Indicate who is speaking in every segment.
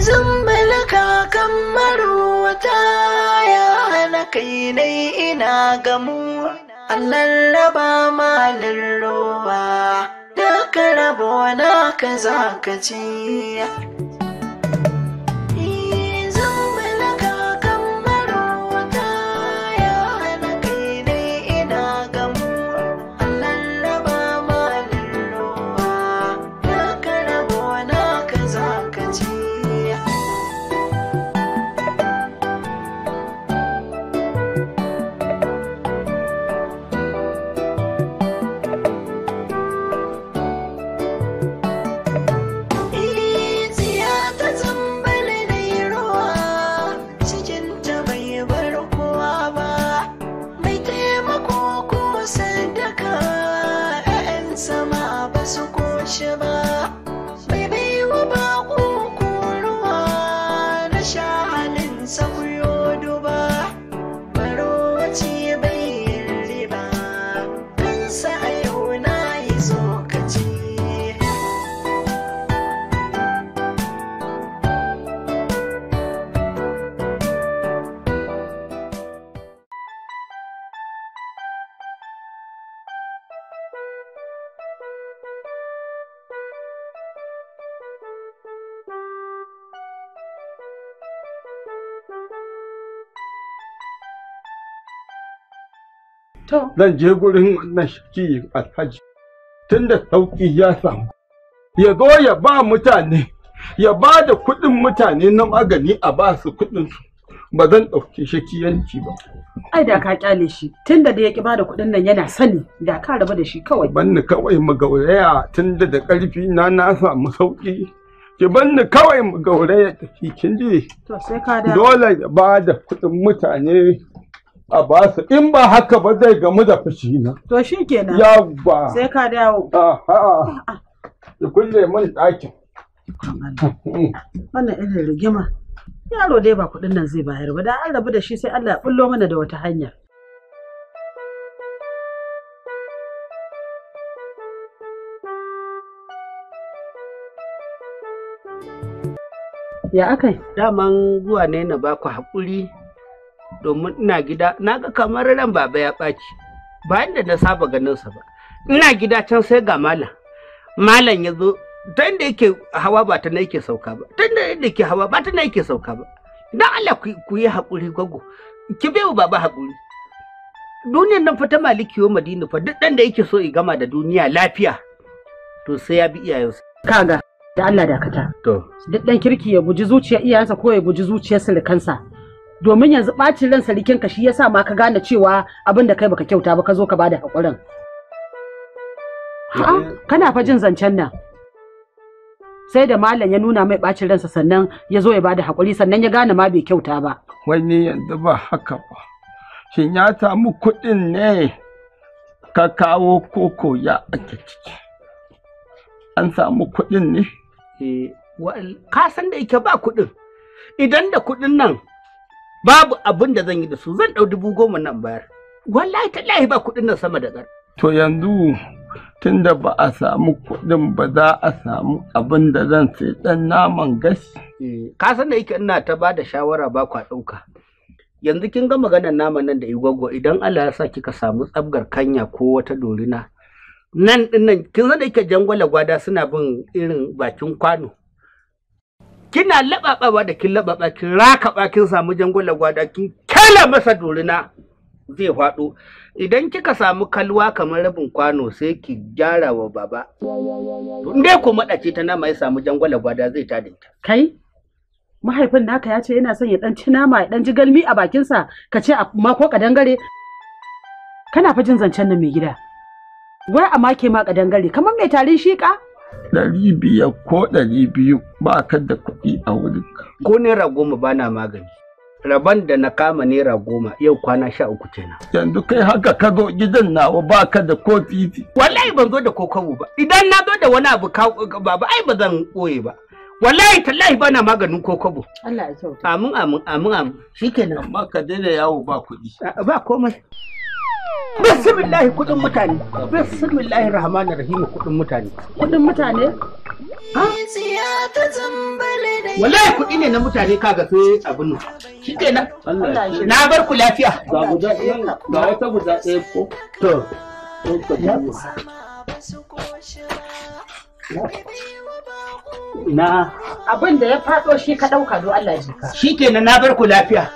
Speaker 1: zumbul kamar maruwata ya hana kai ina gamu Allah raba malin ruwa da ka rabo na ka za ka ci
Speaker 2: zan je gurin wannan shaki alhaji tunda sauki ya samu ya zo ya ba mutane ya ba da kuɗin mutane na magani a ba su kuɗin su ba zan ɗauki shakiyanci ba.
Speaker 3: Ai da ka kyale shi tunda da ya ki bada kuɗin nan yana sani da ka raba da shi kawai.
Speaker 2: Banni kawai magauraya tunda da ƙarfi na na samu sauƙi. Ki banni kawai magauraya da kin ji.
Speaker 3: To sai ka da. Dole
Speaker 2: ya ba da kuɗin mutane a ba su in ba haka ba zai gamu da fushi na
Speaker 3: to shi kenan ba? sai ka dawo a'a ah, ah. ki kulle min ɗakin wannan irin rigima yaro dai ba kuɗin nan zai bayar ba da an rabu da shi sai Allah ya bullo mana da wata hanya
Speaker 4: ya akai daman zuwa ne na baku hakuri. domin ina gida na ga kamar ran baba ya ɓaci bayan da na saba ganinsa ba ina gida can sai ga malam malam ya zo tun da yake hawa ba ta na yake sauka ba tun da yake hawa ba ta na yake sauka ba dan Allah ku yi haƙuri gwaggo ki bai wa baba haƙuri duniyar nan fa ta maliki wa madina fa duk ɗan da yake so ya gama da duniya lafiya to sai ya bi iyayensa kaga da Allah dakata to duk ɗan kirki ya guji zuciya iyayensa ko ya guji
Speaker 3: zuciyarsa da kansa domin yanzu bacin ran sarkin ka shi yasa ma ka gane cewa abin da kai baka kyauta ba ka zo ka bada hakurin ha ah, kana fa jin zancen nan sai da malam ya nuna mai ɓacin ransa sannan ya zo ya bada hakuri sannan ya gane ma bai kyauta ba
Speaker 2: wani yanzu ba haka ba shin ya samu kuɗin ne ka kawo koko ya ake ciki an samu kuɗin ne
Speaker 4: eh, ka san da yake ba kuɗin idan da kuɗin nan babu abin da zan yi da su zan ɗau dubu goma nan bayar wallahi tallahi ba kuɗin nan sama da ƙar.
Speaker 2: to yanzu tunda ba a samu kuɗin ba
Speaker 4: za a samu abin da zan sai ɗan naman gashi. Eh, ka san da yake ina ta ba da shawara ba kwa ɗauka yanzu kin ga maganar naman nan da igwagwa idan Allah ya sa kika samu tsabgar kanya ko wata dorina nan ɗin nan kin san da yake jangwala gwada suna bin irin bakin kwano kina labababa da kin lababa kin rakaba kin samu jangulan gwada kin kyala masa dorina zai faɗo idan kika samu kalwa kamar rabin kwano sai ki gyara wa baba to dai ko madace ta nama ya samu jangwala gwada zai ta kai
Speaker 3: mahaifin naka ya ce yana son ya dan ci nama ya dan ji galmi a bakinsa ka ce a mako kadangare kana fa jin zancen nan mai gida wai a make ma kadangare kamar mai tarin shiƙa
Speaker 2: ɗari biyar ko ɗari biyu ba ka da kuɗi a wurin ka.
Speaker 4: Ko naira goma ba na magani. Raban da na kama naira goma yau kwana sha uku kenan. Yanzu kai haka ka zo gidan nawa ba ka da ko titi. Wallahi ban zo da ko ba. Idan na zo da wani abu baba ai ba zan koye ba. wallahi tallahi ba na maganin kokobo. Allah ya kyauta. Amin amin amin amin shikenan. Amma ka daina yawo ba kuɗi. Ba komai. bismillahi kudin mutane bismillahi rahman rahim kudin mutane kudin mutane
Speaker 1: ha wallahi kudi
Speaker 4: ne na mutane kaga sai abin nan shi kenan na bar ku lafiya ga guda ga wata guda ɗaya ko to na abin da ya faɗo shi ka ɗauka do Allah ji ka. shi ke kenan na bar ku lafiya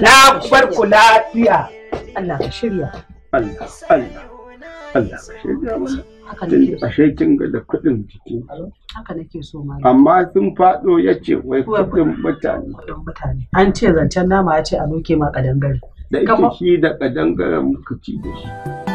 Speaker 4: na bar ku lafiya Allah ka shirya.
Speaker 2: Allah, Allah, Allah ka shirya mana. Ashe kin ga da kuɗin jiki.
Speaker 3: Haka nake so ma.
Speaker 2: Amma sun faɗo ya ce wai kuɗin mutane. Kuɗin
Speaker 3: mutane. An ce zancen nama ya ce a noke ma ƙadangare.
Speaker 2: Da ita shi da ƙadangare muka ci da shi.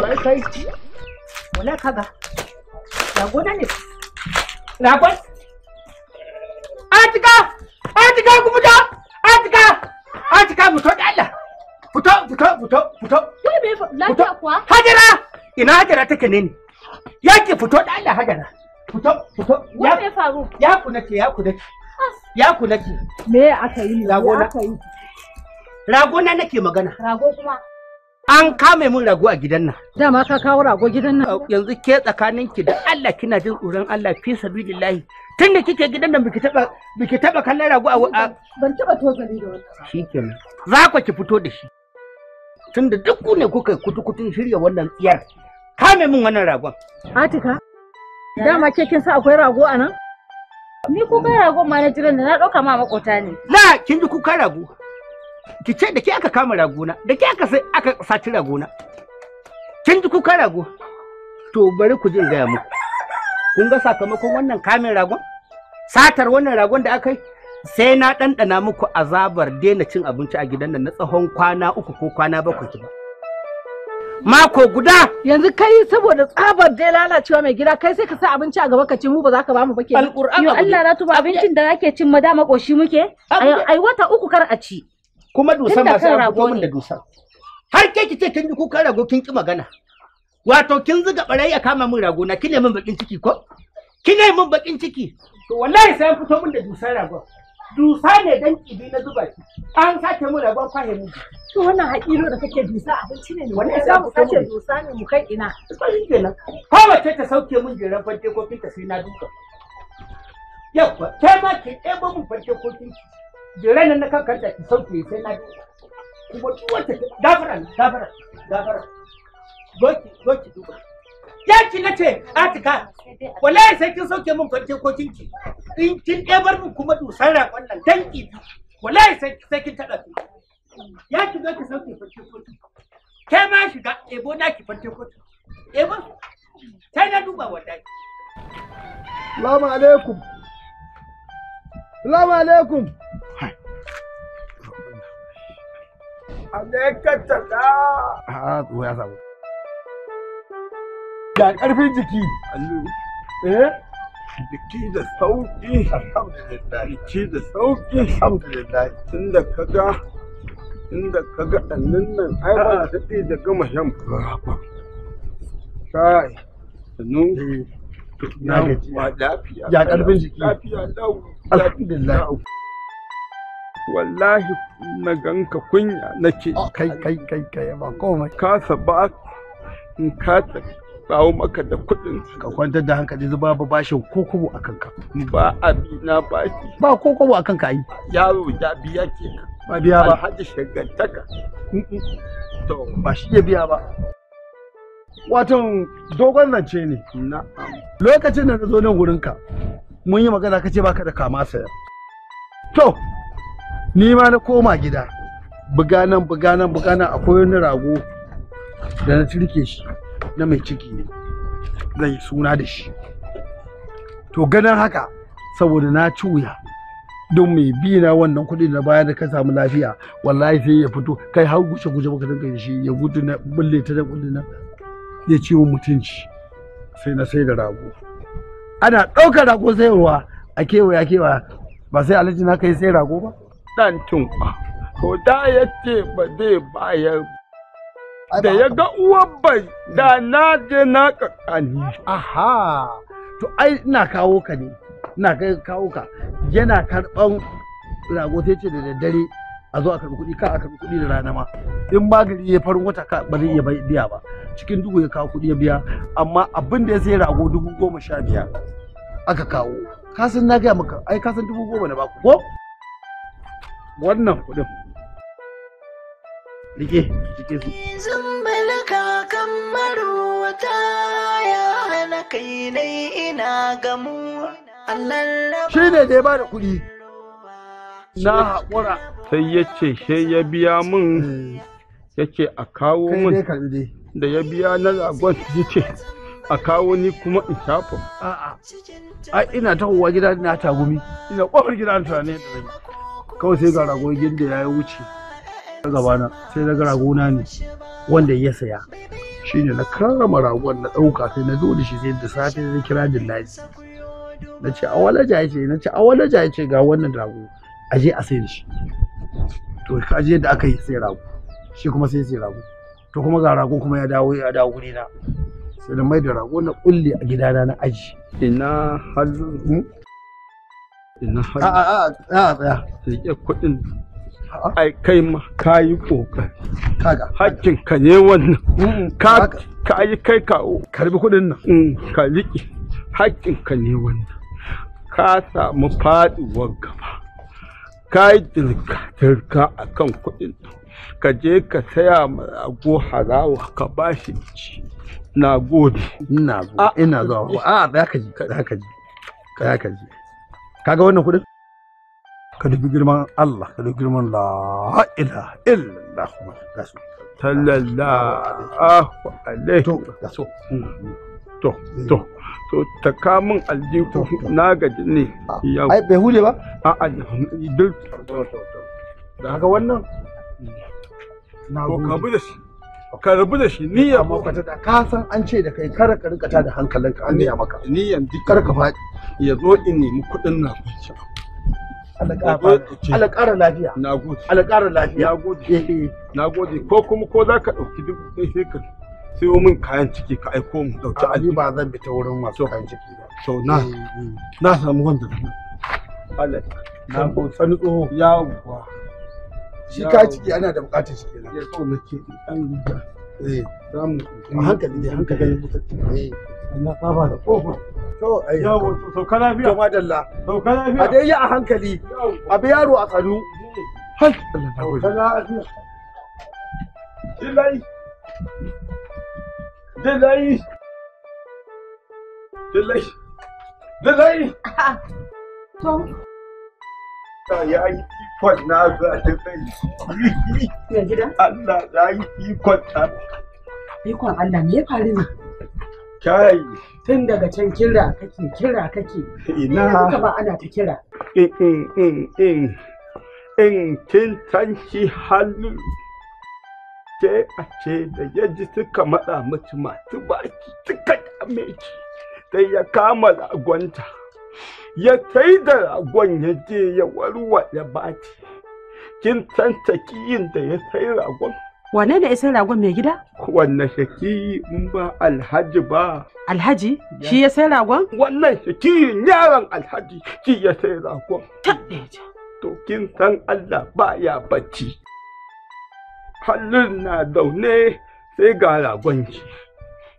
Speaker 4: Barkai. Wala ka ba. ne. Atika! Atika ku Atika! Atika fito da Allah. Fito, fito, fito, fito. me lafiya kuwa? Hajara! Ina Hajara take ne ni? Yake fito da Allah Hajara. Fito, fito. Ya faru? Ya ku nake, ya ku nake. Ya ku nake. Me aka yi? Rago na. Rago na nake magana. Rago kuma. An kame min rago a gidan nan. Dama ka kawo rago gidan nan. Yanzu ke tsakanin ki da Allah kina jin tsoron Allah fi sabilillahi. Tun da kike gidan nan biki taba biki taba kallon rago a ban taba tozali da wannan. Shikenan. Za ku ki fito da shi. Tun da duk ku ne kuka kutukutun shirya wannan tsiyar. Kame min wannan ragon. Atika. Dama ke kin sa akwai rago a nan? Ni kuka rago ma na jiran da na ɗauka ma makota ne. Na kin ji kuka rago. Ki ce da ke aka kama ragona, da ke aka sai aka saci ragona. Kin ji kuka rago. To bari ku jin gaya muku. Kun ga sakamakon wannan kamin ragon? Satar wannan ragon da aka yi? Sai na ɗanɗana muku azabar daina cin abinci a gidan nan na tsawon kwana uku ko kwana bakwai ba. mako guda yanzu kai saboda tsabar dai lalacewa mai gida kai sai ka sa
Speaker 3: abinci a gaba ka ci mu ba za ka ba mu ba ke alƙur'an yo Allah na tuba abincin da nake cin ma dama koshi muke ai
Speaker 4: wata uku kar a ci kuma dusan ba sai rago min da dusan har ke ki ce kin ji kukan rago kin ki magana wato kin zuga barai a kama min rago na kin min bakin ciki ko kin min bakin ciki to wallahi sai fito min da dusan ragon dusa ne dan kibi na zuba shi an sake mu rabon kwahe mu to wannan hakilo da kake dusa abinci ne wannan za mu sace dusa ne mu kai ina sai kenan ko wace ta sauke mun jiran fanke ko kinta sai na duka yawa kai ma ki ɗebo mun fanke ko kinki jiran nan na kankanta ki sauke sai na duka kuma wacce gafara gafara gafara zo ki zo ki duka yaki na ce atika wallahi sai kin sauke min kwanke ko ki in kin ɗebar min kuma dusar rakon nan dan ibi wallahi sai sai kin tada ya yaki zo ki sauke
Speaker 1: kwanke ko
Speaker 4: kai ma shiga ebo na ki kwanke ko ebo sai na duba wallahi
Speaker 2: Salamu alaikum. Salamu alaikum. Alaikata da. Ah, ya samu. ya karfin jiki eh jiki da sauƙi. jiki da sauki alhamdulillah tunda kaga tunda kaga dannin nan ai ba ta ah. da gama shan fura ba kai sanu eh. na lafiya ya ƙarfin jiki lafiya lau alhamdulillah wallahi na ganka kunya nake ah, kai kai kai kai ba komai kasa ba in kasa kawo maka da kuɗin ka kwantar da hankali zuba ba bashin ko kobo a kanka ba abi na bashi. ba ko kobo a kanka ai yaro ya biya ke ba biya ba alhaji shagantaka to ba shi ya biya ba watan dogon zance ne na'am lokacin da na zo nan gurin ka mun yi magana kace baka da kama saya to ni ma na koma gida buganan buganan buganan akwai wani rago da na turke shi na mai ciki ne zai yi suna da shi to ganin haka saboda na ci wuya don mai bi na wannan kuɗi na baya da ka samu lafiya wallahi sai ya fito kai har gushe guje maka dinka da shi ya gudu na bulle ta da kuɗi na ya ci mutunci sai na sai da rago ana ɗaukar rago sayarwa a kewaya kewaya ba sai alhaji na kai sai rago ba dan tunka ko da yace ba zai bayar da ya ga uwar bai da hmm. na je na kakani aha to ai ina kawo ka ne ina kawo ka yana karban rago sai ce da daddare a zo a karbi kuɗi ka a karbi kuɗi da rana ma in gari ya farin wata ka ba zai iya biya ba cikin dugu ya kawo kuɗi ya biya amma abin da ya sai rago dubu goma sha biyar aka kawo kasan na gaya maka ai kasan dubu goma na baku ko wannan kuɗin rike rike
Speaker 1: su zan malaka kamar wata ya hana kai ne ina gamu
Speaker 2: shi ne da ya ba da kuɗi na
Speaker 4: haƙura
Speaker 2: sai ya ce she ya biya min eh. ya ce a kawo min da ya biya na zagon ya ce a kawo ni kuma in shafa a'a ai ina tahowa gida na tagumi ina kofar gida na tunani kawai sai ga ragon gida ya wuce ta gabana sai na ragona ne wanda ya saya shi ne na karrama ragon na ɗauka sai na zo da shi sai da safe zai kira dillaji na ce awalaja ya ce na ce awalaja ya ce ga wannan rago a je a da shi to ka je da aka yi sai rago shi kuma sai sai rago to kuma ga rago kuma ya dawo ya dawo guri na sai da mai da rago na kulle a gidana na aji ina hallu hmm? ina hallu a a a a a a ai kai ma ka yi kokari kaga hakkin ka ne wannan ka ka yi kai ka karbi kudin nan mm. ka liƙi hakkin ka ne wannan ka samu faduwar gaba ka yi dirka a kan kudin ka je ka saya ma rago harawa ka ba shi ci na gode ina zuwa ina zuwa ah. a za ka ji za ka ji za ka ji kaga wannan kudin ka bi girman Allah ka dubi girman la ilaha illallah sallallahu alaihi to hmm. to eh. to to ta kamun aljihu na gaji ne ai bai hule ba a a duk ga wannan na ka bi shi ka rabu da shi niyya amma ka ta ka san an ce da kai kar ka rika ta da hankalinka an niyya maka niyyan duk kar ka faɗi ya zo in nemi kuɗin na alƙara lafiya alƙara lafiya na gode ko kuma ko za ka ɗauki duk sai ka siyo min kayan ciki ka aiko mu ɗauki alƙi ba zan bi ta wurin masu kayan ciki ba so na mm, mm. na samu wanda Allah na gode sani tsoho ya
Speaker 1: shi ka ciki ana da
Speaker 2: buƙatar shi kenan ya so nake dan riga eh hankali hankali eh. Allah saba da kofa to ai sauka lafiya to madalla lafiya a dai a hankali a bi yaro a sannu hai Allah na gode lafiya dillai dillai dillai dillai to ya yi ikon na za ta zai. gida? Allah na yi ikon ta.
Speaker 3: Ikon Allah ne ya faru ne? Kai. Tun daga can kira kake kira kake.
Speaker 2: Ina. Yanzu ba
Speaker 3: ana ta kira.
Speaker 2: In eh, eh, eh, kin san shi in kin hannu ke a ce da yaji suka matsa mutu masu baki suka dame ki sai ya kama ragonta ya sai da ragon ya je ya warware baki kin san takiyin da ya sai ragon
Speaker 3: wane da isa ragon mai gida?
Speaker 2: Wanne shaki in ba alhaji ba. Alhaji? Shi ya sai ragon? Wannan shaki yaron alhaji shi ya sai ragon. To kin san Allah ba ya bacci. Hallin na zaune sai ga ragon shi.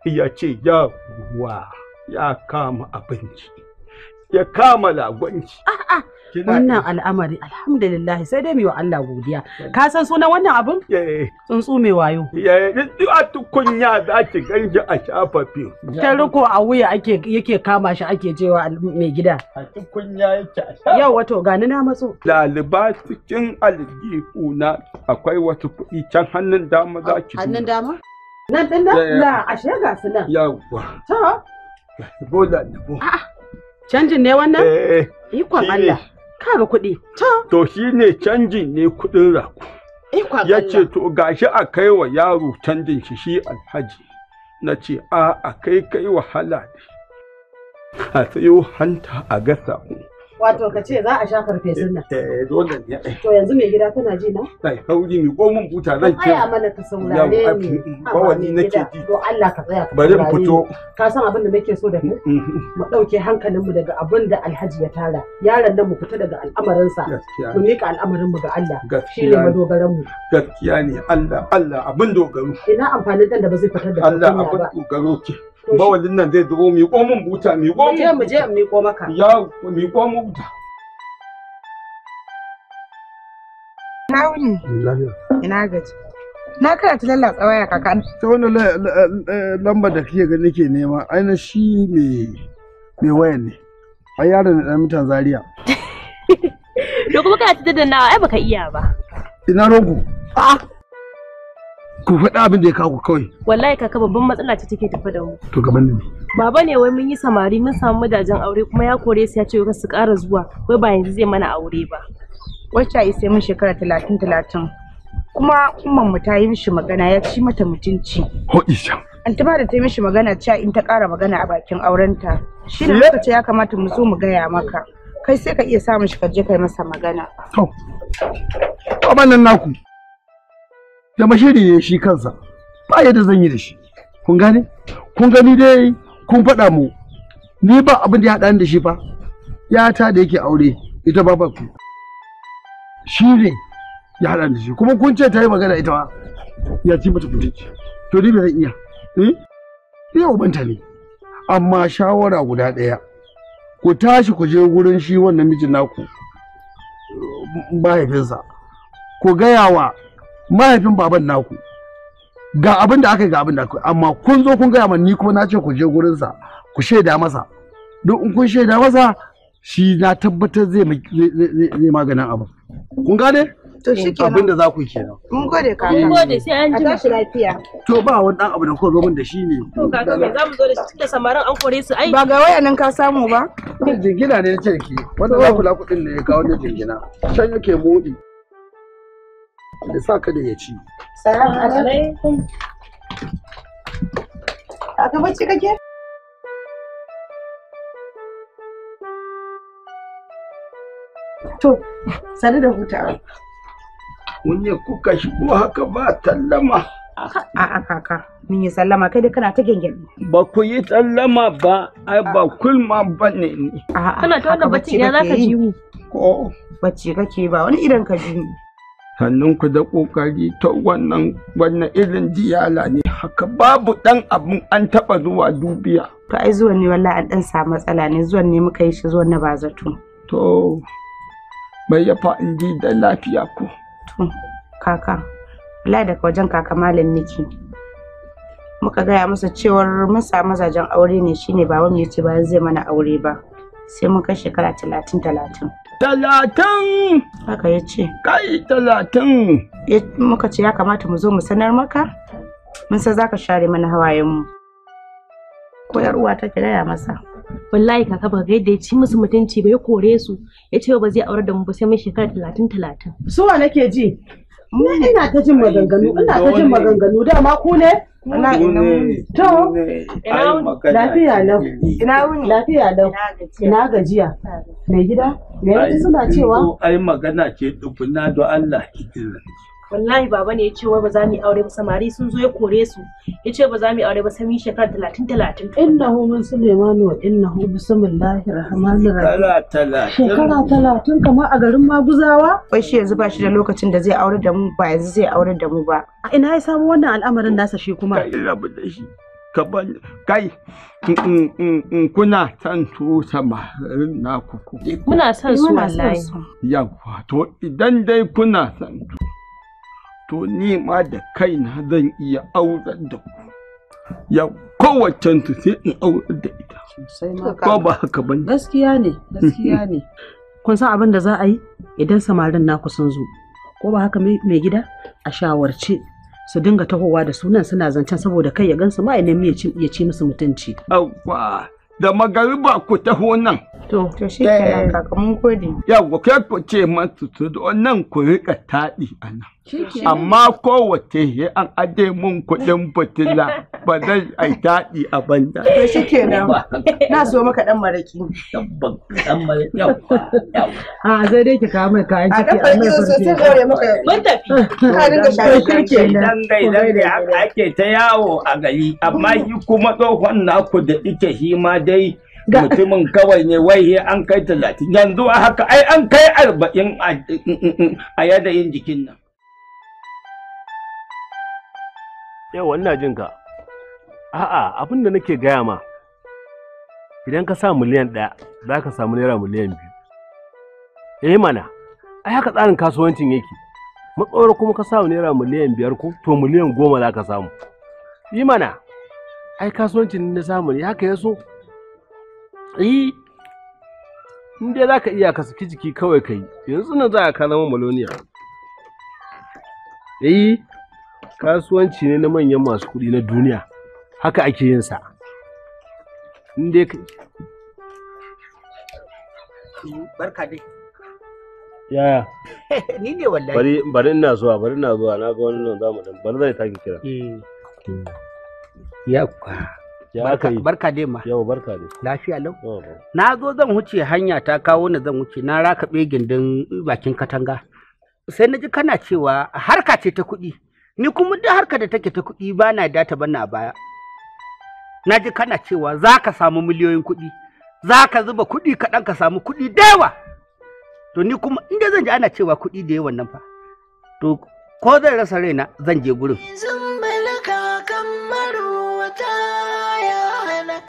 Speaker 2: Ya ce ya ruwa ya kama abinci. Ya kama ragon shi. A'a.
Speaker 3: wannan al'amari alhamdulillah sai dai mai wa Allah godiya ka san sunan wannan abin tsuntsu mai wayo
Speaker 2: a tukunya da ake ganji a shafafi ta riko
Speaker 3: a wuya yake kama shi ake cewa mai gida
Speaker 2: a tukunya yake
Speaker 3: a yau wato gani na matso
Speaker 2: laliba cikin aljihu na akwai wasu kuɗi can hannun dama za ki hannun
Speaker 3: dama nan la ashe ga su nan
Speaker 2: to
Speaker 3: canjin ne wannan eh. ikon Allah
Speaker 2: Kaga kuɗi. To shi ne canji ne kuɗin rako eh, Ya ce to gashi a kai wa yaro canjin shi shi alhaji. Na ce a a kai kai wahala ne. A sayo hanta a ga ku.
Speaker 3: Wato ka ce za a sha farfesun nan. Eh, eh dole ne. To yanzu mai gida kana ji na?
Speaker 2: Kai hauri mi ko mun buta zan ce. Ai amana
Speaker 3: ka saurare ni. Bawani nake ji. To Allah ka tsaya ka Bari in fito. Ka san abin da nake so da kai? Mm-hmm. Mu dauke hankalinmu daga abin da Alhaji ya tara. Yaron nan mu fita daga al'amarinsa. Mu mika mu ga Allah. Shi ne madogaran mu.
Speaker 2: Gaskiya ne Allah Allah abin dogaro.
Speaker 3: Ina amfanin dan da ba zai fitar da Allah
Speaker 2: abin dogaro ke. bawalin nan zai zubo miƙo min buta miƙo min mu je mi miƙo maka ya miƙo mu buta na wuni ina gaji na ta lallatsa waya kaka ta wannan lamba da kike ga nake nema aina shi me me wayan ne ai yaron da mutan zaria
Speaker 5: da kuma kana ta nawa, ai baka iya ba
Speaker 2: ina rogo a'a ah! ku faɗa abin da ya kawo kawai
Speaker 5: wallahi kaka babban matsala ce take tafi da mu to gaban ne baba ne wai mun yi samari mun samu mudajen aure kuma ya kore su ya ce su ƙara zuwa wai ba yanzu zai mana aure ba wacce ai sai mun shekara talatin talatin kuma umman mu ta yi mishi magana ya ci mata mutunci ho isha an ta da ta yi mishi magana cewa in ta ƙara magana a bakin aurenta shi ne ce ya kamata mu zo mu gaya maka kai sai ka iya samun shi ka je kai masa magana
Speaker 2: to nan naku da mashiri ne shi kansa ba yadda zan yi da shi kun gane kun gani dai kun faɗa mu ni ba abin da ya haɗa da shi fa ta da yake aure ita ba ku shi ne ya haɗa da shi kuma kun ce ta yi magana ita ba. ya ci mata kuɗi to ni ba zan iya eh iya ubanta ne amma shawara guda ɗaya ku tashi ku je wurin shi wannan mijin naku mahaifinsa ku gaya wa mahaifin baban naku ga abin da aka yi ga abin da aka yi amma kun zo kun gaya ma ni kuma na ce ku je gurinsa ku shaida masa duk in kun shaida masa shi na tabbatar zai zai maganin abu kun
Speaker 4: gane to shi kenan abin da za ku kenan
Speaker 5: mun gode ka mun gode sai an ji shi lafiya
Speaker 4: to ba wani dan abu da kuka zo min da shi ne to ga za
Speaker 5: mu zo da shi tunda samarin an kore su ai ba ga waya
Speaker 2: nan ka samu ba jingina ne ce ki wanda za ku la kudin ne ga kawo jingina can yake modi da sa ka da ya ci
Speaker 3: Salam alaikum ka ga bacci kake
Speaker 5: to sani da hutawa
Speaker 2: Mun wani kuka shigo haka ba tallama
Speaker 5: A'a kaka, mun yi sallama kai da kana ta gengen.
Speaker 2: Ba ku yi sallama ba, ai ba kulma ba ne ni. A'a,
Speaker 5: kana ta wanda bacci ya za ka ji mu.
Speaker 2: Ko. Bacci kake ba wani idan ka ji mu. hannunku da ƙoƙari to wannan wannan irin diyala ne haka babu ɗan abun an taɓa zuwa dubiya
Speaker 5: to ai zuwan ne wallahi an ɗan samu matsala ne zuwan ne muka yi shi zuwan na ba zato to
Speaker 2: bai ya faɗi da lafiya ko
Speaker 5: to kaka wallahi daga wajen kaka malam niki muka gaya masa cewar mun samu mazajen aure ne shine baban ya ce bayan zai mana aure ba sai mun kai shekara talatin talatin
Speaker 2: talatin haka ya
Speaker 5: ce kai talatin muka ce ya kamata mu zo mu sanar maka mun san zaka share mana hawayenmu ko yar uwa ta kiraya masa wallahi kaka ba ga yadda ya ci musu mutunci ba ya kore su ya ce ba zai aurar da mu ba sai mun shekara talatin talatin
Speaker 3: suwa nake ji Ni ina ta jin maganganu, ina ta jin maganganu dama ku ne? Ina To, lafiya lau. Ina wuni. Lafiya lau. Ina gajiya. Mai gida, suna cewa?
Speaker 2: Ai magana ce dubuna
Speaker 3: don Allah ki
Speaker 5: wallahi baba ne ya ce wai ba za mu aure ba samari sun zo ya kore su ya ce ba za mu aure ba sami shekara talatin talatin.
Speaker 3: Hu min sulaimanu wa Inna hu bismillahir rahmanir
Speaker 2: rahim
Speaker 3: shekara talatin kamar a garin maguzawa wai shi yanzu
Speaker 5: ba shi da lokacin da zai aure da mu ba yanzu zai aure da mu ba a ina ya samu wannan al'amarin nasa shi kuma kai
Speaker 2: rabu da shi kai kuna son su samarin naku muna son su wallahi yawa to idan dai kuna son su to ni ma da kaina zan iya aurar da ku ya kowace su sai in aurar da ita ko ba haka
Speaker 3: bane gaskiya ne gaskiya ne kun san abin da za a yi idan samarin naku sun zo ko ba haka mai gida a shawarce su dinga tahowa da sunan suna zancen saboda kai ya gansu ma ya ya ci musu mutunci.
Speaker 2: Awwa, da magariba ku taho nan To, to shi eh, kenan kaka mun gode. Yawwa kai ku ce man tutu nan ku rika taɗi a nan. Amma wace ya an ade mun kuɗin fitila ba zan ai taɗi a banda. To shi kenan
Speaker 5: na so maka ɗan maraki.
Speaker 4: Dabban ɗan maraki yawwa.
Speaker 3: A zai ah, dai ki kawo mai kayan ciki. A ɗan farki sosai sai gore
Speaker 4: maka. Mun tafi. Ka dinga shafi kirke. Dan dai dan dai haka ake ta yawo
Speaker 2: a gari amma yi kuma tsohon naku da ike shi ma dai. mutumin kawai ne wai an kai talatin yanzu a haka ai an kai arba'in a
Speaker 4: yadayin jikin nan yawa ina jin ka a'a abin da nake gaya ma idan ka sa miliyan ɗaya za ka samu naira miliyan biyu eh mana ai haka tsarin kasuwancin yake matsawar kuma ka samu naira miliyan biyar ko to miliyan goma za ka samu yi mana ai
Speaker 2: kasuwancin na samu ne haka ya so eh in dai za ka iya ka saki jiki kawai ka yi yanzu nan za ka zama maloniya eh kasuwanci ne na manyan masu kuɗi na duniya haka ake yin sa in dai ka
Speaker 4: barka dai yaya ni ne wallahi bari bari ina zuwa bari ina zuwa na ga wani nan zamu dan bari zai taki kira eh ya kwa barka dai ma yau barka dai lafiya lau na zo zan wuce hanya ta kawo ni zan wuce na rakaɓe gindin bakin katanga sai na ji kana cewa harka ce ta kuɗi ni kuma duk harka da take ta kuɗi ba na data ban na baya na ji kana cewa za ka samu miliyoyin kuɗi za ka zuba kuɗi kaɗan ka samu kuɗi da yawa to ni kuma inda zan ji ana cewa kuɗi da yawan nan fa to ko zan rasa raina zan je gurin.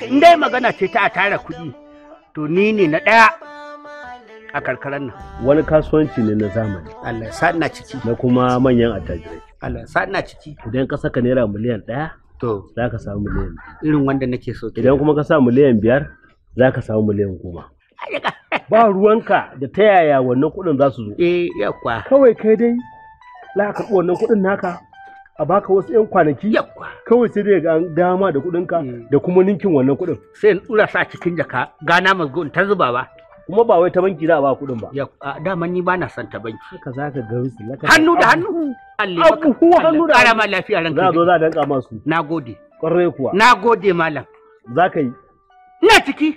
Speaker 1: haka in dai magana
Speaker 4: ce ta a tara kuɗi to ni ne na ɗaya a karkarar nan wani kasuwanci ne na zamani Allah sa ina ciki na kuma manyan attajirai Allah sa ina ciki idan ka saka naira miliyan ɗaya to za ka samu miliyan irin wanda nake so idan kuma ka sa miliyan biyar za ka samu miliyan goma ba ruwanka da ta yaya wannan kuɗin za su zo eh yakwa kawai kai dai za ka karɓi wannan kuɗin naka a baka wasu 'yan kwanaki kawai
Speaker 2: sai dai ga dama da kuɗinka mm. da kuma ninkin wannan kudin
Speaker 4: sai in tsura sa cikin jaka gana mazgo in ta zuba ba kuma ba wai ta banki za a ba kudin ba dama ni ba na son ta banki haka za ka gari su hannu da hannu abu kuwa hannu da hannu lafiya ran za zo za a danka masu na gode kwarai kuwa na gode malam za ka yi ina ciki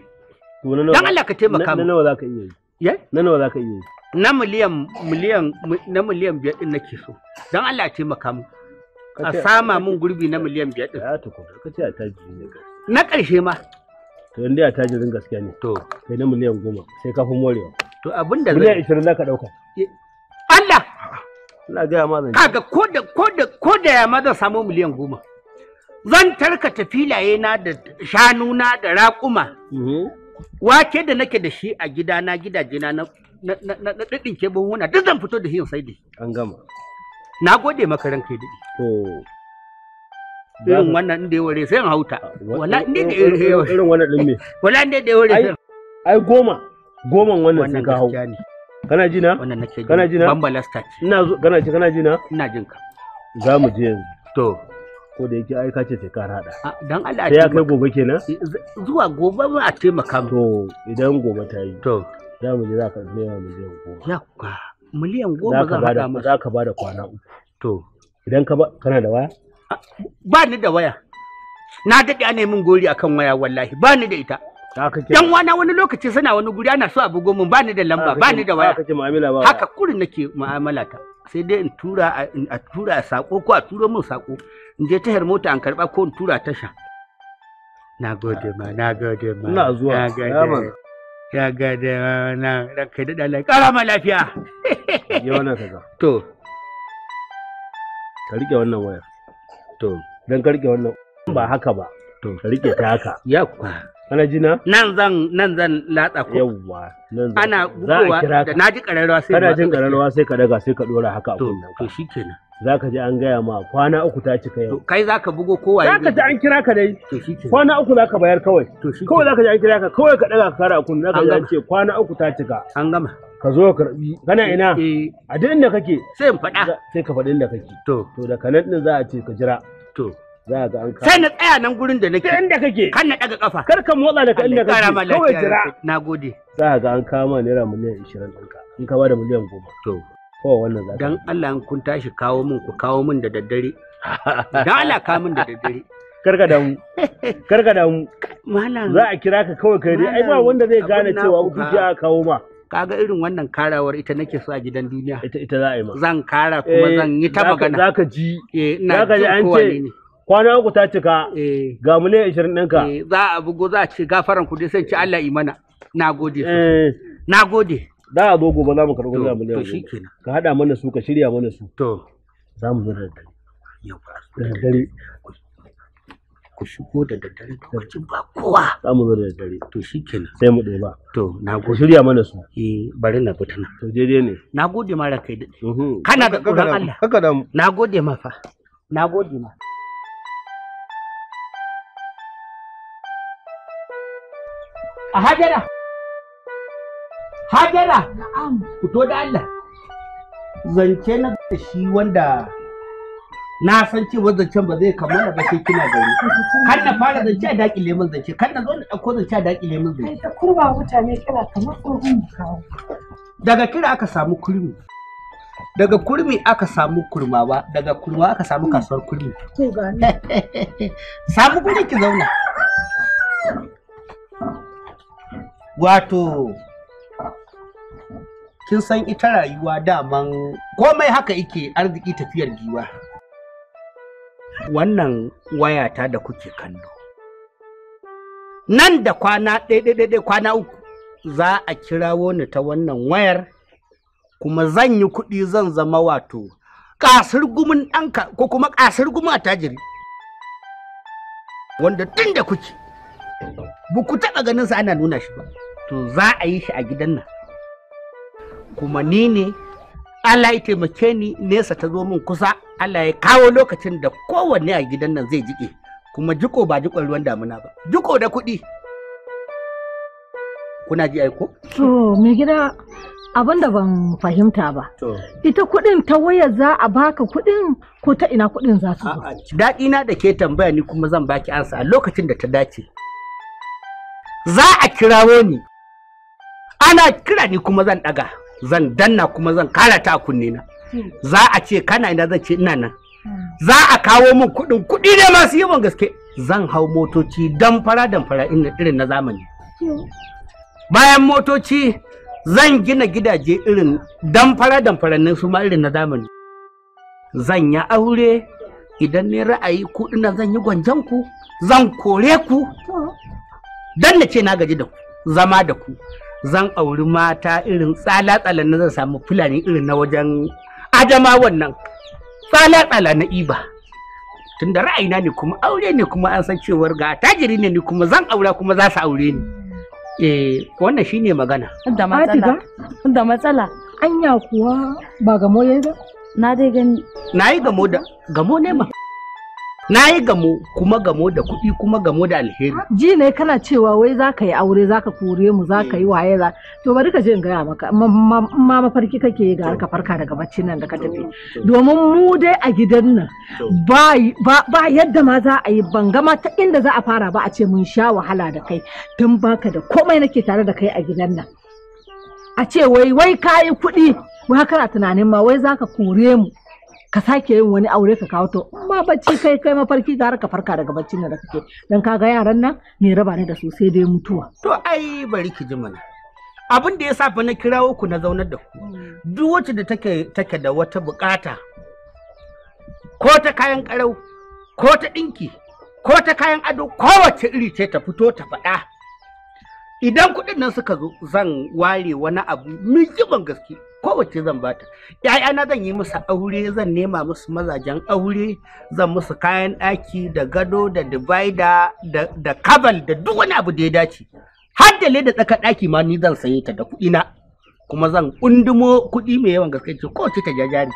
Speaker 4: dan Allah ka taimaka mu na nawa za ka iya yi na nawa za ka iya yi na miliyan miliyan na miliyan biyar din nake so dan Allah ya taimaka mu a sama mun gurbi na miliyan biyar ɗin. Ya tuku, ka ce a taji ne Na ƙarshe ma. To inda ya taji attajirin gaskiya ne. To. Kai na miliyan goma sai ka fi morewa. To abin da zai. Miliyan ishirin za ka ɗauka. Eh, Allah. Ina gaya ma zan. Kaga ko da ko da ko da ya ma zan samu miliyan goma. Zan tarkata filaye na da shanu na da raƙuma. Mm-hmm. Wake da nake da shi a gidana gidajena na na na na ɗinke buhuna duk zan fito da shi sai da An gama. na gode maka ran kai dadi to irin wannan inda ya ware sai in hauta ah, wala inda da irin wannan din me wala inda da ya ware sai ai goma goman wannan sai ka hau kana ji na wannan nake ji kana ji na bambalasta ina zo kana ji kana ji na ina jin ka za mu je yanzu to ko da yake aika ce sai ka rada dan Allah sai ya kai gobe kenan zuwa gobe ba a taimaka to idan gobe ta yi to za mu je za ka tsaya mu je gobe yakka miliyan goma zan haɗa masa za ka ba da kwana uku to idan ka ba kana da waya ba ni da waya na daɗe ana min gori akan waya wallahi ba ni da ita dan wana wani lokaci suna wani guri ana so a bugo mun. ba ni da lamba ba ni da waya haka kurin nake mu'amala ta sai dai in tura a tura sako ko a turo min sako in je tahar mota an karɓa ko in tura tasha na gode ma na gode ma ina zuwa na gode ya ga da na ranka da dalai kara ma lafiya ya wannan kaza to ka rike wannan waya to dan ka rike wannan ba haka ba to ka rike ta haka ya kuwa Ana jina nan zan nan zan latsa ku? yawwa nan zan ana bugowa da naji kararrawa sai kana jin kararrawa sai ka daga sai ka dora haka a kunnen to shikenan zaka ji an gaya ma kwana uku ta cika yau kai zaka bugo kowa zaka ji an kira ka dai to shikenan kwana uku zaka bayar kawai to shikenan kawai zaka ji an kira ka kawai ka daga ka kara a kunnen zaka ji an ce kwana uku ta cika an gama ka zo ka karbi kana ina eh. a duk inda kake sai in faɗa sai ka faɗi inda kake to to da kanan din za a ce ka jira to za ga an kawo sai na tsaya nan gurin da nake inda kake kan na daga kafa kar ka motsa daga inda kake kawai jira nagode za ga an kawo ma naira miliyan 20 ɗinka in ka bada miliyan 10 to ko wannan za dan Allah in kun tashi kawo min ku kawo min da daddare dan Allah kawo min da daddare karka da mu karka da mu za a kira ka kawai kai ai ba wanda zai gane cewa ku ji a kawo ma kaga irin wannan karawar ita nake so a gidan duniya ita ita za a yi ma zan kara kuma eh, zan yi ta magana zaka ji eh ina ji an ce kwana uku ta cika eh. ga mu ne 20 ɗinka eh, za a bugo za a ce gafaran ku dai sai ci Allah imana na gode eh. na gode da a zo gobe za mu karɓi za mu ne ka haɗa mana su ka shirya mana su to za mu zira da daddare ku shigo da daddare lokacin ba kowa za mu zira da daddare to shikenan sai mu ɗeba to na gode shirya mana su eh bari na fita na to daidai ne na gode mara kai mhm.
Speaker 1: kana da ƙuran Allah
Speaker 4: kaka da mu na gode ma fa na gode ma A Hajara. Hajara. Na'am. Fito da Allah. Zance na da shi wanda na san cewa zancen ba zai kamala ba sai kina gani. Kan na fara zance a daƙi lemun zance, kan na zo na dauko zance a daƙi lemun zance. Kai kurba
Speaker 3: mutane kira kamar tsohon kawo.
Speaker 4: Daga kira aka samu kurmi. daga kurmi aka samu kurmawa daga kurma aka samu kasuwar kurmi samu guri ki zauna wato kin san ita rayuwa daman komai haka yake arziki tafiyar giwa wannan wayata da kuke kallo nan da kwana ɗaiɗaiɗaiɗai kwana uku za a kirawo ni ta wannan wayar kuma zan yi kuɗi zan zama wato ƙasar gumin ɗanka ko kuma ƙasar gumin tajiri. wanda tun da kuke ba ku taɓa ganin sa ana nuna shi ba to za a yi shi a gidan nan kuma ni ne Allah ya taimake ni nesa ta zo min kusa Allah ya kawo lokacin da kowanne a gidan nan zai jike kuma jiko ba jikon ruwan damuna ba jiko da kuɗi kuna ji aiko?
Speaker 3: to mai gida abin da ban fahimta ba ita kuɗin ta waya za a baka kuɗin ko ta ina kuɗin za su zo
Speaker 4: daɗina da ke tambaya ni kuma zan baki ansa a lokacin da ta dace za a kirawo ni ana kira ni kuma zan daga zan danna kuma zan karata a kunne na hmm. za a ce kana ina zan ce ina nan hmm. za a kawo min kuɗin kuɗi ne masu yawan gaske zan hau motoci dan fara dan fara irin na zamani hmm. bayan motoci zan gina gidaje irin dan fara dan fara nan su ma irin na zamani zan yi aure idan ni ra'ayi kuɗi na zan yi gwanjan ku zan kore ku dan na ce na gaji da ku zama da ku zan auri mata irin tsala-tsala na zan samu fulani irin na wajen ajama wannan tsala-tsala na iba tunda ra'ayina ne kuma aure ne kuma an san cewar ga tajiri ne ni kuma zan aura kuma za su aure ni eh wannan shine magana da matsala
Speaker 3: da matsala anya kuwa ba gamo yayi
Speaker 4: ba na dai gani nayi gamo da gamo ne ma na yi gamo kuma gamo da kuɗi kuma gamo da alheri
Speaker 3: ji ne kana cewa wai za ka yi aure za ka kore mu za ka yi hmm. waye za to bari ka je in gaya maka ma mafarki kake yi ga ka farka daga bacci nan da ka tafi domin mu dai a gidan nan ba yadda ma za a yi ban gama ta inda za a fara ba a ce mun sha wahala da kai don baka da komai nake tare da kai a gidan nan a ce wai wai yi kuɗi wai kana tunanin ma wai za ka kore mu ka sake yin wani aure ka kawo to ma bacci kai kai mafarki gara ka farka daga baccin da kake dan kaga yaran nan ne raba ni da su sai dai mutuwa
Speaker 4: to ai bari ki ji mana abin da ya sa ba na kirawo ku na zaunar da ku duk wacce da take take da wata bukata ko ta kayan karau ko ta dinki ko ta kayan ado kowace iri ce ta fito ta faɗa idan kuɗin nan suka zo zan ware wani abu mai gaske kowace zan bata ‘ya'yana zan yi musu aure zan nema musu mazajen aure zan musu kayan ɗaki da gado da divider da kabal da duk wani abu da ya dace har da leda tsakar ɗaki ma ni zan saye ta da kuɗina kuma zan kundumo kuɗi mai yawan gaske ce kowace ta jajari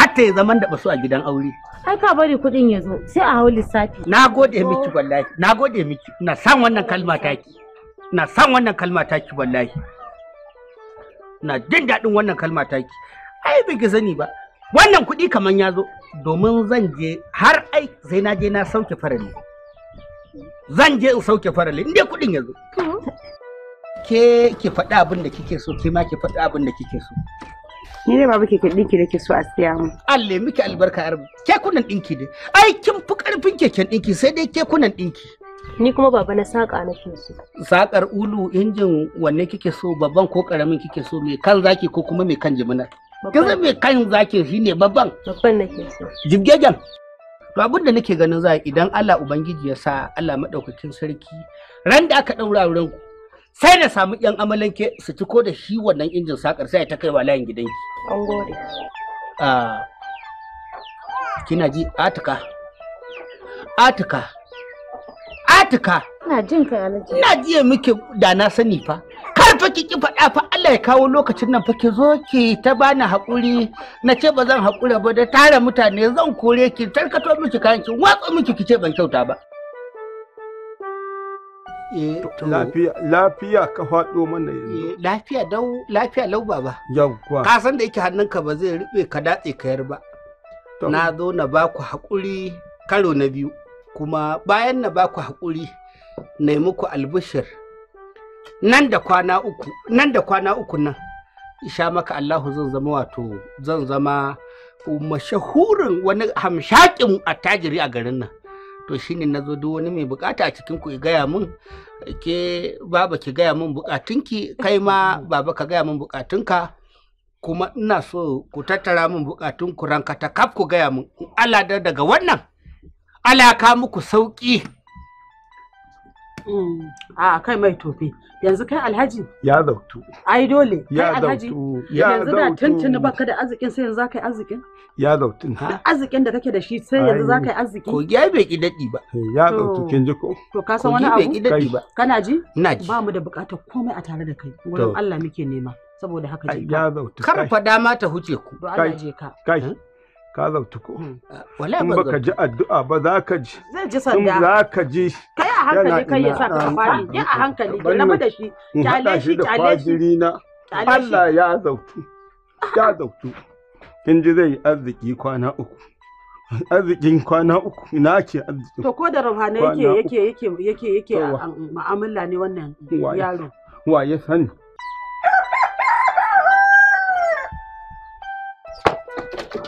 Speaker 4: har ta yi zaman da basu a gidan aure
Speaker 3: ai ka bari kuɗin ya zo sai a hau lissafi na gode miki
Speaker 4: wallahi na gode miki na san wannan kalma taki na san wannan kalma taki wallahi na jin daɗin wannan kalma taki ai bai ki sani ba wannan kuɗi kaman ya zo domin zan je har ai sai na je na sauke farali zan je in sauke farali inda kuɗin ya zo ke ki faɗi abin da kike so ke ma ki faɗi abin da kike so ni ne babu keken ɗinki da ke so a siya mu. Allah miki albarka arba. Kekunan ɗinki ne. Ai kin fi ƙarfin keken ɗinki sai dai kekunan ɗinki. ni kuma baba na saƙa na ke so. Saƙar ulu injin wanne kike so babban ko ƙaramin kike so mai kan zaki ko kuma mai kan jiminar. Kisa mai kan zaki shine babban. Babban na ke so. Jibgegen. To abin da nake ganin za idan Allah Ubangiji ya sa Allah maɗaukakin sarki ran da aka ɗaura wurin ku sai na samu ƴan amalanke su ci ko da shi wannan injin saƙar sai ta wa layin gidanki. An gode. Ah, kina ji Atika. Atika. atika ina jin ka alaji ina jiya muke da na sani fa kar fa ki faɗa fa Allah ya kawo lokacin nan fa ki zo ki ta bani haƙuri na ce ba zan haƙura ba da tara mutane zan kore ki tarkato miki kayan ki watsa miki ki ce ban kyauta ba eh,
Speaker 2: lafiya ka faɗo
Speaker 4: mana yanzu eh, lafiya dau lafiya lau baba
Speaker 2: yawwa ka
Speaker 4: san da yake hannunka ba zai rube ka datse yar ba na zo na baku haƙuri karo na biyu kuma bayan na baku haƙuri na muku albishir nan da kwana uku nan da isha maka Allahu zan zama wato zan zama mashahurin wani hamshakin attajiri a garin nan to shine na zo duk wani mai bukata a cikin ku gaya mun ke baba ki gaya mun bukatunki kai ma baba ka gaya mun bukatunka kuma ina so ku tattara mun bukatun ku ranka ta kaf ku gaya mun Allah daga wannan alaka muku sauki mm. a kai mai tofi yanzu kai alhaji
Speaker 2: ya zautu
Speaker 3: ai dole kai alhaji yanzu da tuntuni baka da arzikin sai yanzu zaka yi arzikin
Speaker 2: ya zautu da
Speaker 3: arzikin da kake da shi sai yanzu zaka yi arziki ko eh,
Speaker 2: ya bai ki dadi ba
Speaker 4: ya zautu kin ji ko to ka san wani abu
Speaker 3: kana ji ina ji ba mu da bukatar komai a tare da kai wurin Allah muke nema saboda haka je ka kar
Speaker 4: fada mata huce ku Allah je
Speaker 3: ka. kai ka ko hmm. in baka ji
Speaker 2: addu'a ba za ka ji zai ji sanda za ka ji yi a hankali kai ya sa ka fadi ya a hankali ka rabu da shi kyale shi kyale shi Allah ya zautu ya zautu kin ji zai arziki kwana uku arzikin kwana uku ina ke arziki
Speaker 3: to ko da ruhana yake yake yake yake yake mu'amala ne wannan yaro
Speaker 2: wa ya sani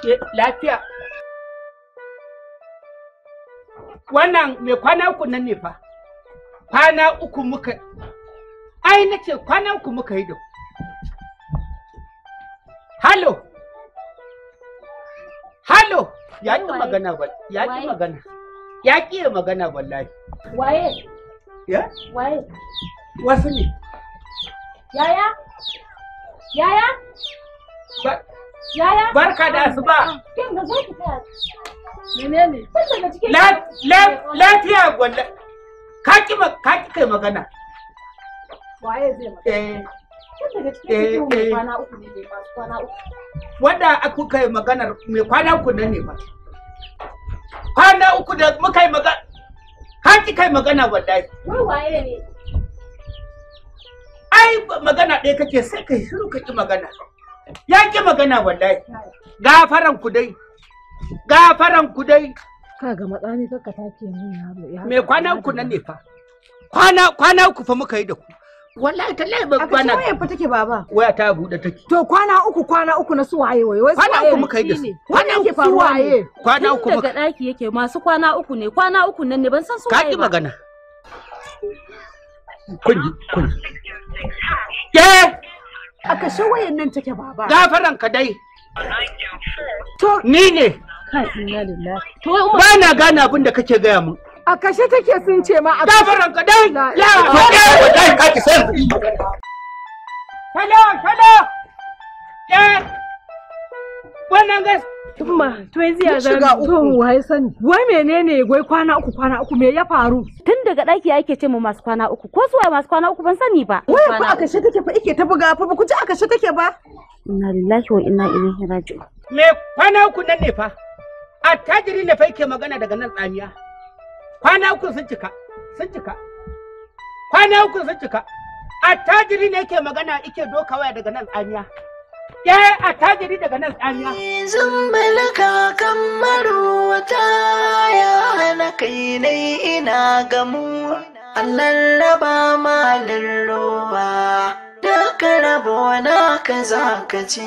Speaker 4: ke lafiya wannan mai kwana uku nan ne fa kwana uku muka ai nace kwana uku muka yi da halo halo ya ki magana ba ya ki magana ya ki magana wallahi waye ya waye wasu ne
Speaker 3: yaya yaya ba Yaya? Barka
Speaker 1: da
Speaker 4: asuba. Kin Lafiya Ka ka ki kai magana.
Speaker 3: Waye zai magana?
Speaker 4: mai kwana uku ne ba. Kwana uku da muka yi Ka ki kai magana ne? Ai magana ɗaya kake sai kai shiru ka ki magana. Ya ki magana wallahi. Gafaran ku dai. Gafaran ku dai. Ka ga matsani kaka take mun yaro. Me kwanan ku nan ne fa? Kwana kwana ku fa muka yi da ku. wallahi lai ba kwana ko fa take baba waya ta bude take to kwana uku kwana uku na su waye waye wai kwana uku muka
Speaker 3: yi da su kwana uku su waye kwana uku daga daki yake masu kwana uku ne kwana uku nan ne ban
Speaker 4: san su waye ki magana kun kun ke A kashe wayan nan take baba. Gafaran ka dai. To ni ne. To Ba na gane abin da kake gaya mun.
Speaker 3: A kashe take sun ce ma a. Gafaran ka dai. La la la dai ka ki san. Hello hello. Ke. Wannan gaskiya. Umma, to yanzu ya shiga uku. wai sani. Wai menene gwai kwana uku kwana uku me ya faru? Tun daga ɗaki ake ce mu masu kwana uku. Ko su masu kwana uku ban sani ba. Wai ko aka shi take fa ike ta buga fa ba ku ji aka shi take ba. Inna lillahi wa inna ilaihi raji'un.
Speaker 4: Me kwana uku nan ne fa? Attajiri ne fa yake magana daga nan tsamiya. Kwana uku sun cika. Sun cika. Kwana uku sun cika. Attajiri ne yake magana yake doka waya daga nan tsamiya. Ya yi a daga nan tsamiya. Izin
Speaker 1: malaka kan marubuta ya hana kai ina gamu. Allah raba malin roba, da ka rabo na ka za ka ci.